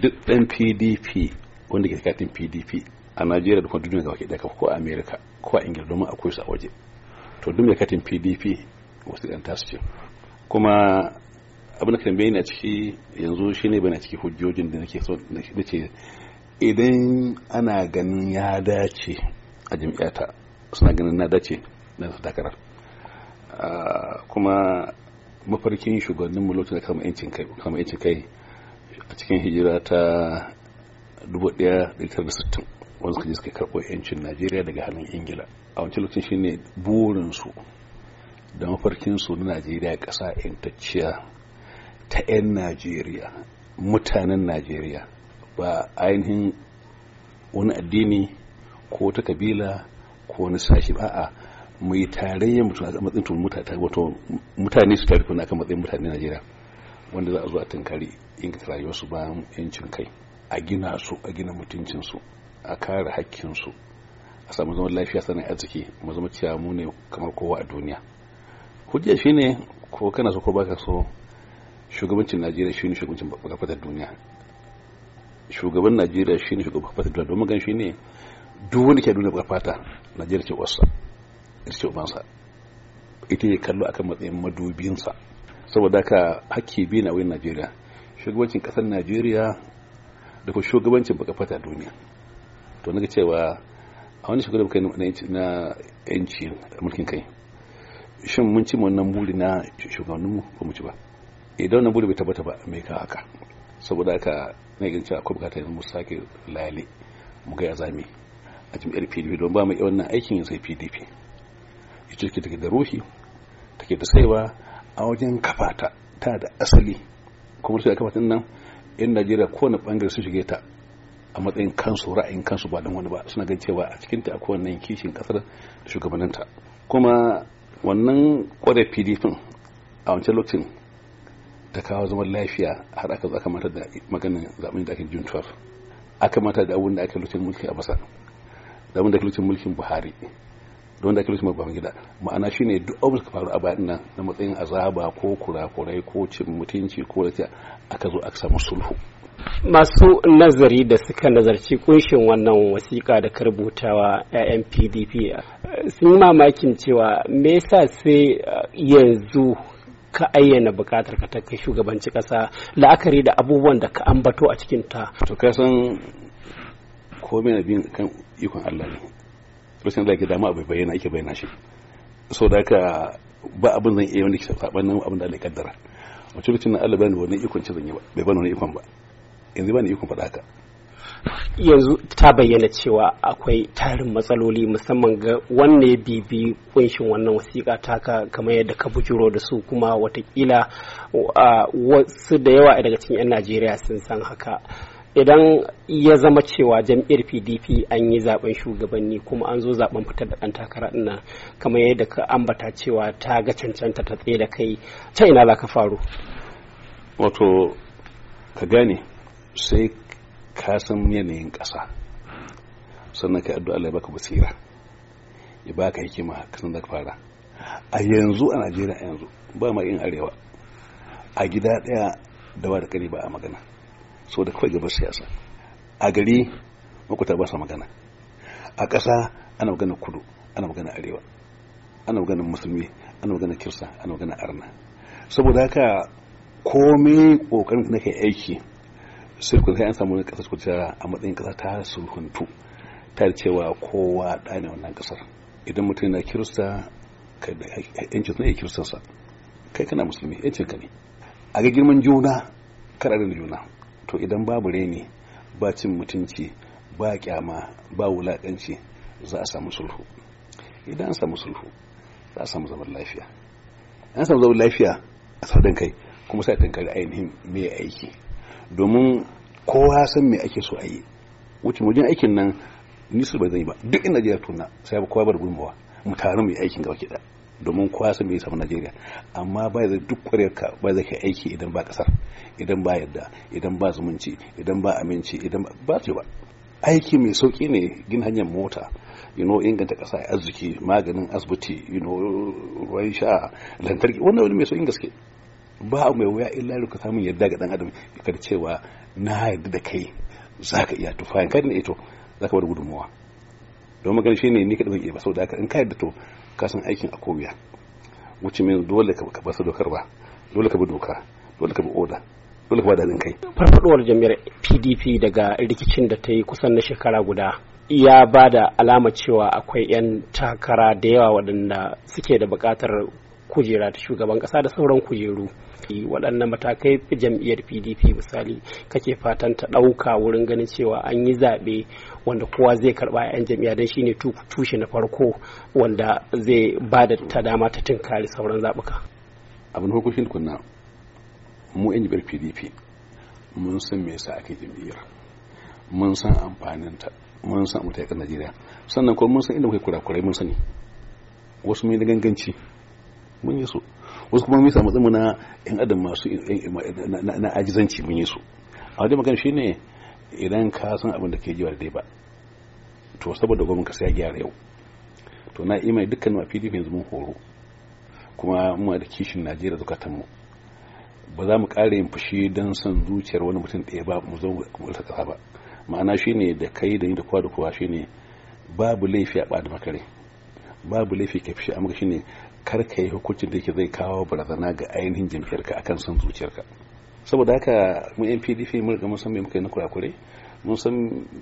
duk ɗan pdp wanda ke katin pdp a najeriya da kuma duniya gaba ke ko a amerika ko a ingila domin akwai su a waje to duk mai katin pdp wasu ɗan tasu ce kuma abin da kan bayyana a ciki yanzu shi ne shine a ciki hujjojin da nake so ce idan ana ganin ya dace a jam'iyyata suna ganin na dace na takarar ah, kuma mafarkin shugabanninmu lokacin da kama 'yancin kai a cikin hijira ta 1960 wanda suka je suka karɓo yancin najeriya daga hannun ingila a wancan lokacin shine burinsu da mafarkinsu na najeriya ƙasa intacciya ta 'yan najeriya mutanen najeriya ba ainihin wani addini ko ta kabila ko wani sashi ba a mai tarayyar mutane su tarifin kuna kan matsayin mutane najeriya wanda za a zo a tunkari inganta rayuwarsu bayan yancin kai a gina su a gina mutuncinsu a kare hakkinsu a samu zaman lafiya sanin arziki mu zama cewa mu ne kamar kowa a duniya hujja shine ko kana so ko baka so shugabancin najeriya shine shugabancin bakwata duniya shugaban najeriya shine shugaban bakwata duniya domin gan shine duk wanda ke duniya bakwata najeriya ce uwarsa ita ce ubansa ita ne kallo akan matsayin madubinsa saboda ka hakki biyu na wayan najeriya shugabancin kasar najeriya da kuma shugabancin baka fata duniya to naga cewa a wani shugaba kai na yanci mulkin kai shin mun ci wannan buri na shugabanninmu ba mu ci ba idan wannan buri bai tabbata ba mai ka haka saboda haka na yin cewa akwai bukatar mu sake layale. mu ga azami a jam'iyyar pdp don ba mu yi wannan aikin sai pdp ita take da ruhi take da saiwa a wajen kafata ta da asali kuma sai kafa nan in najeriya kowane bangare su shige ta a matsayin kansu ra'ayin kansu ba dan wani ba suna gan cewa a cikin ta akwai wannan kishin kasar da ta. kuma wannan kwarar pdp a wancan lokacin ta kawo zaman lafiya har aka zaka mata da maganin zaɓen da ake juntuwar aka mata da abin da ake lokacin mulki a basa da abin da ake lokacin mulkin buhari da wanda ba gida ma'ana shine duk abin da faru a bayan nan na matsayin azaba ko kurakurai ko cin mutunci ko rakiya aka zo aka samu sulhu masu nazari da suka nazarci kunshin wannan wasiƙa da karbutawa 'ya'yan pdp sun yi mamakin cewa me yasa sai uh, yanzu ka ayyana bukatar ka ta kai shugabanci kasa la'akari da abubuwan da ka ambato a cikin ta to ka san komai na bin kan ikon Allah ne lokacin da ake dama abai bayyana ake bayyana shi so da haka ba abin zan iya wani kisa nan abin da Allah ya kaddara wacce lokacin nan Allah bani wani ikon ci zan yi ba bai bani wani ikon ba yanzu bani ikon faɗa haka yanzu ta bayyana cewa akwai tarin matsaloli musamman ga wanne bibi kunshin wannan wasiƙa taka kamar yadda ka bujuro da su kuma watakila wasu da yawa daga cikin 'yan najeriya sun san haka idan ya zama cewa jam'iyyar pdp an yi zaben shugabanni kuma an zo zaben fitar da ɗan takara ina kamar yadda ka ambata cewa ta ga cancanta ta tsaye da kai ta ina za ka faru wato ka gane sai ka san yanayin ƙasa sannan ka addu'a Allah ya baka basira ya baka hikima ka san da fara a yanzu a Najeriya yanzu ba ma yin arewa a gida ɗaya da ba da ba a magana so da kawai gabar siyasa a gari makuta ba sa magana a ƙasa ana magana kudu ana magana arewa ana magana musulmi ana magana kirsa ana magana arna saboda haka komai kokarin da kai aiki sai ku sai an samu kasar ku a matsayin kasa ta sulhuntu ta da cewa kowa da ne wannan kasar idan mutum na kirista yancin sa ne kirsansa kai kana musulmi yancin ka ne a ga girman juna kada juna to idan babu reni ba cin mutunci ba kyama ba wulaƙanci za a samu sulhu idan an samu sulhu za a samu zaman lafiya an samu zaman lafiya a sardin kai kuma sai tankari ainihin mai aiki domin kowa san me ake so a yi wuce wajen aikin nan nisu bai zai ba duk inda jiya tuna sai kowa bar gudunmawa mu taru mu yi aikin gaba domin kowa sun bai samu najeriya amma ba zai duk kwarewar ka ba zai aiki idan ba kasar idan ba yadda idan ba zumunci idan ba aminci idan ba ce ba aiki mai sauki ne gina hanyar mota you know inganta kasa arziki maganin asibiti you know ruwan sha lantarki wannan wani mai sauki gaske ba mai wuya illa ka samu yadda ga dan adam kar cewa na yadda da kai zaka iya tufa kai ne ito zaka bar gudunmawa don magana shine ni ka dauke ba saboda haka in ka yadda to kasan aikin a kowiya wuce mai dole ka ba dokar ba dole ka bi doka dole ka bi oda dole ka ba dalin kai farfadowar jami'ar pdp daga rikicin da ta yi kusan na shekara guda ya ba da alama cewa akwai 'yan takara da yawa waɗanda suke da buƙatar kujera ta shugaban kasa da sauran kujeru waɗannan matakai jam'iyyar pdp misali kake fatan ta ɗauka wurin ganin cewa an yi zaɓe wanda kowa zai karɓa 'yan jam'iyya don shine tushe na farko wanda zai ba da ta dama ta tunkari sauran zaɓuka abin hukushin kunna mu 'yan jam'iyyar pdp mun san me yasa ake jam'iyyar mun san amfanin ta mun san kan najeriya sannan kuma mun san inda muke kurakurai mun sani wasu mai da ganganci mun yi su wasu kuma mun samu na yan adam masu na ajizanci mun yi su a wajen magana shine idan ka san abin da ke jiwa dai ba to saboda gwamnati ka sai gyara yau to na imai dukkan ma PDP yanzu mun horo kuma muna da kishin Najeriya zukatan mu ba za mu kare yin fushi don son zuciyar wani mutum ɗaya ba mu zama wata kasa ba ma'ana shine da kai da ni da kowa da kowa shine babu laifi a ɓata makare babu laifi ka fushi amma shine kar ka yi hukuncin da yake zai kawo barazana ga ainihin jam'iyyarka akan son zuciyarka saboda haka mu yan pdp mun riga mun san me muka yi na kurakure mun san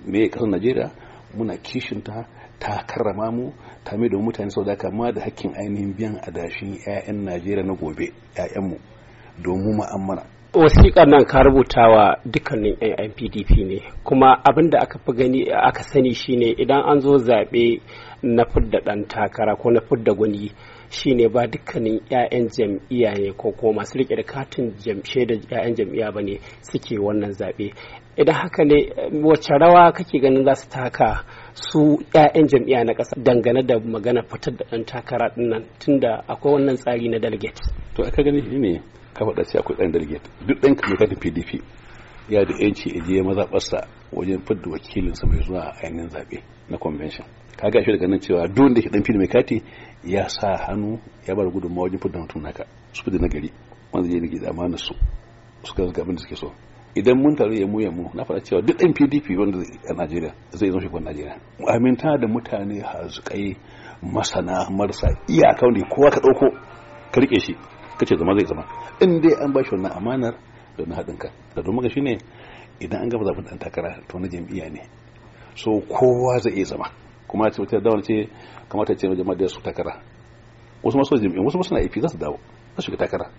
me kasar najeriya muna kishin ta ta karrama mu ta mai domin mutane saboda haka ma da hakkin ainihin biyan adashin 'ya'yan najeriya na gobe mu domin ma'amana wasiƙa nan ka rubuta wa dukkanin 'yan pdp ne kuma abin da aka fi gani aka sani shine idan an zo zaɓe na fidda ɗan takara ko na fidda gwani Shi ne ba dukkanin 'ya'yan jam'iyya ne ko kuma masu rike da katin jamshe da 'ya'yan jam'iyya ba ne suke wannan zaɓe idan haka ne wacce rawa kake ganin za su taka su 'ya'yan jam'iyya na ƙasa dangane da magana fitar da ɗan takara ɗinnan tunda akwai wannan tsari na delegate to aka gani shi ne ka faɗa sai akwai ɗan delegate duk ɗan kamar katin pdp ya da yanci ya je mazaɓarsa wajen fidda wakilinsa mai zuwa a ainihin zaɓe na convention kaga shi daga nan cewa duk wanda ke dan fili mai kati ya sa hannu ya bar gudunmawa wajen fidda mutum naka su fidda na gari wanda yi nake da su su suka zuga abin da suke so idan mun taru ya mu ya mu na fara cewa duk ɗan pdp wanda a najeriya zai zama shugaban najeriya aminta da mutane hazukai masana marasa iyaka wanda kowa ka ɗauko ka riƙe shi ka ce zama zai zama in dai an ba shi wannan amanar da na haɗin ka da domin ga ne idan an gaba zaɓen ɗan takara to na jam'iyya ne so kowa zai iya zama kuma ce wata dawo ce kamata ce jama'a da su takara wasu masu jami'in wasu masu na ifi za su dawo za su shiga takara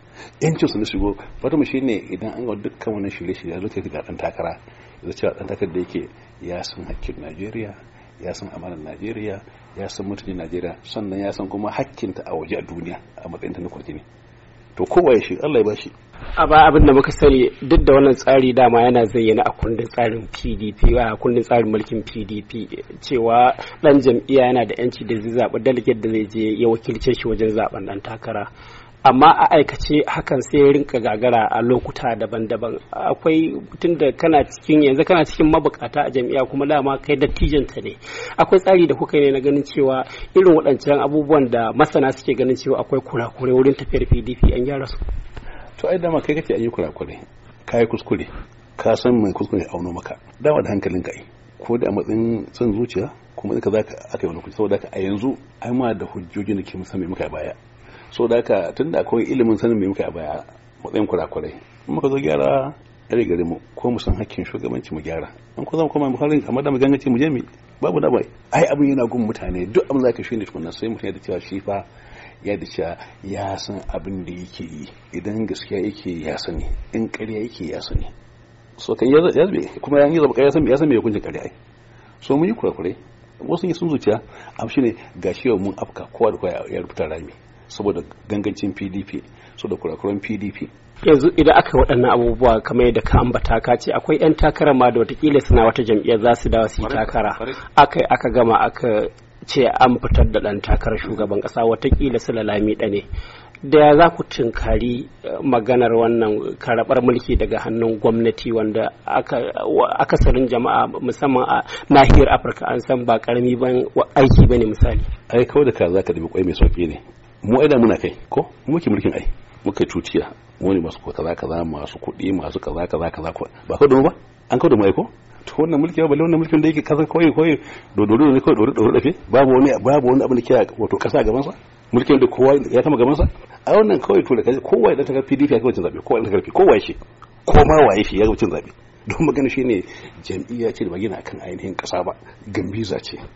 yancin su na shigo fata mu ne idan an ga dukkan wannan shirye-shirye lokacin da dan takara yanzu cewa dan takara da yake ya san hakkin najeriya ya san amanar najeriya ya san mutuncin najeriya sannan ya san kuma hakkin ta a waje a duniya a matsayin ta na kwarki ne to kowaye shi Allah ya shi a ba abin da muka sani duk da wannan tsari dama yana zayyana a kundin tsarin pdp a kundin tsarin mulkin pdp cewa dan jam'iyya yana da yanci da zai zaɓi delegate da zai je ya wakilce shi wajen zaɓen dan takara amma a aikace hakan sai rinka gagara a lokuta daban-daban akwai tun da kana cikin yanzu kana cikin mabukata a jami'a kuma dama kai dattijanta ne akwai tsari da kuka ne na ganin cewa irin waɗancan abubuwan da masana suke ganin cewa akwai kurakurai wurin tafiyar pdp an gyara su to ai dama kai kake an yi kurakurai ka yi kuskure ka san mai kuskure auno maka dama da hankalin ka ko da matsayin son zuciya kuma ka za ka aka yi wani kuskure saboda a yanzu ai ma da hujjoji da ke musamman muka baya so da tun da akwai ilimin sanin mai muka a baya matsayin kurakurai in muka zo gyara ɗari gari mu ko mu san hakkin shugabanci mu gyara an ko zama kuma mu harin kamar da mu gangace mu je mi babu da bai ai abin yana gun mutane duk abin ka shi ne tukunna sai ya da cewa shi fa ya da cewa ya san abin da yake yi idan gaskiya yake ya sani in ƙarya yake ya sani so kan ya zabe kuma yan yi zaba ya san ya san me hukuncin ƙarya ai so mun yi kurakurai wasu sun zuciya abu shine gashi mun afka kowa da kowa ya rubuta rami saboda gangancin pdp saboda kurakuran pdp yanzu idan aka waɗannan abubuwa kamar yadda ka ambata ka ce akwai 'yan takara ma da watakila suna wata jam'iyya za su dawa su yi takara aka aka gama aka ce an fitar da ɗan takara shugaban ƙasa watakila su lalami ne da za ku tunkari eh, maganar wannan karabar mulki daga hannun gwamnati wanda aka akasarin jama'a musamman a nahiyar afirka an san ba karami ban aiki ba ne misali ai kawai da ka ne mu aida muna kai ko mu ke mulkin ai muka cuciya wani masu ko kaza kaza masu kuɗi masu kaza kaza kaza ko ba ka domin ba an kawo da ai ko to wannan mulki ba wannan mulkin da yake kaza koyi koyi do ne ko do do dafe babu wani babu wani abin da ke wato kasa gaban sa mulkin da kowa ya kama gaban sa a wannan kawai to da kaje kowa da taka PDP ya kawo cin zabe kowa da karfi kowa shi ko ma waye shi ya kawo cin zabe don magana shine jami'a ce da magana akan ainihin kasa ba gambiza ce